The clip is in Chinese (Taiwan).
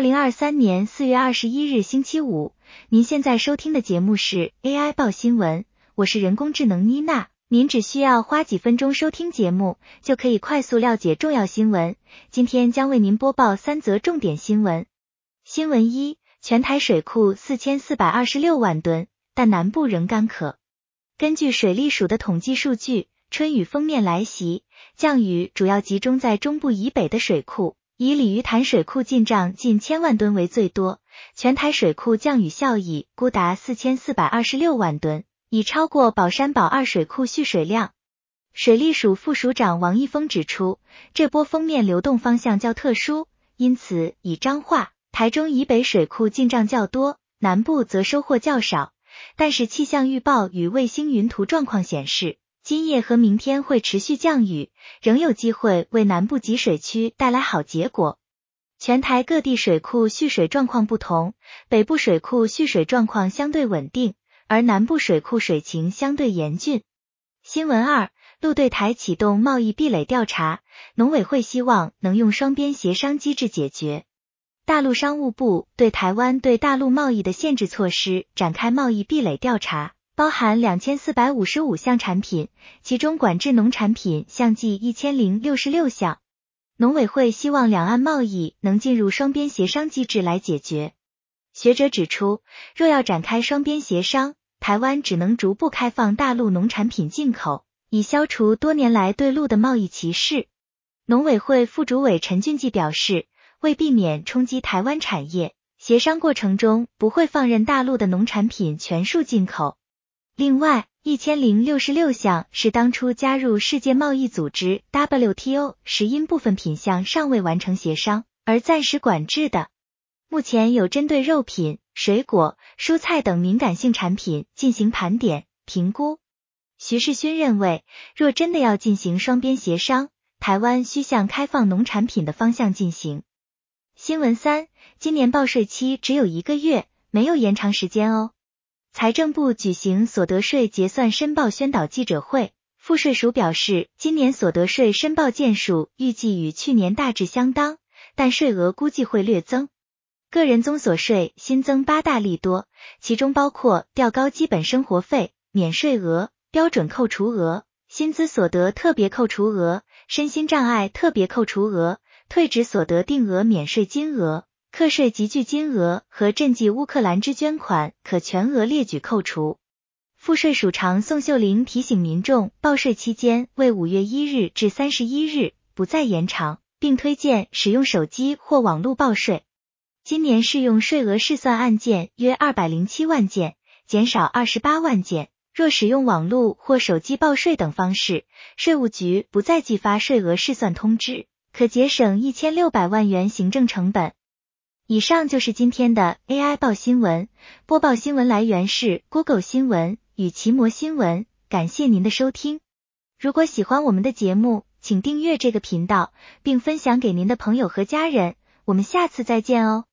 二零二三年四月二十一日星期五，您現在收聽的節目是 AI 報新聞，我是人工智能妮娜。您只需要花幾分鐘收聽節目，就可以快速了解重要新聞。今天將為您播報三則重點新聞。新聞一，全台水庫四千四百二十六萬噸，但南部仍乾渴。根據水利署的統計數據，春雨鋒面來襲，降雨主要集中在中部以北的水庫。以鯉魚潭水庫進賬近千萬噸為最多，全台水庫降雨效益估達四千四百二十六萬噸，已超過寶山、寶二水庫蓄水量。水利署副署長王一峰指出，這波鋒面流動方向較特殊，因此以彰化、台中以北水庫進賬較多，南部則收穫較少。但是氣象預報與衛星雲圖狀況顯示，今夜和明天會持續降雨，仍有機會為南部集水區帶來好結果。全台各地水庫蓄水狀況不同，北部水庫蓄水狀況相對穩定，而南部水庫水情相對嚴峻。新聞二，陸對台啟動貿易壁壘調查，農委會希望能用雙邊協商機制解決。大陸商務部對台灣對大陸貿易的限制措施展開貿易壁壘調查。包含兩千四百五十五項產品，其中管制農產品項計一千零六十六項。農委會希望兩岸貿易能進入雙邊協商機制來解決。學者指出，若要展開雙邊協商，台灣只能逐步開放大陸農產品進口，以消除多年來對陸的貿易歧視。農委會副主委陳駿季表示，為避免衝擊台灣產業，協商過程中不會放任大陸的農產品全數進口。另外，一千零六十六項是當初加入世界貿易組織 （WTO） 時，因部分品項尚未完成協商而暫時管制的。目前有針對肉品、水果、蔬菜等敏感性產品進行盤點評估。徐世勳認為，若真的要進行雙邊協商，台灣需向開放農產品的方向進行。新聞三，今年報稅期只有一個月，沒有延長時間哦。財政部舉行所得稅結算申報宣導記者會，賦稅署表示，今年所得稅申報件數預計與去年大致相當，但稅額估計會略增。個人綜所稅新增八大利多，其中包括調高基本生活費、免稅額、標準扣除額、薪資所得特別扣除額、身心障礙特別扣除額、退職所得定額免稅金額。課稅集聚金額和賑濟烏克蘭之捐款可全額列舉扣除。賦稅署長宋秀玲提醒民眾，報稅期間為五月一日至三十一日，不再延長，並推薦使用手機或網絡報稅。今年適用稅額試算案件約二百零七萬件，減少二十八萬件。若使用網絡或手機報稅等方式，稅務局不再寄發稅額試算通知，可節省一千六百萬元行政成本。以上就是今天的 AI 報新聞。播報新聞來源是 Google 新聞與奇摩新聞。感謝您的收聽。如果喜歡我們的節目，請訂閱這個頻道，並分享給您的朋友和家人。我們下次再見哦。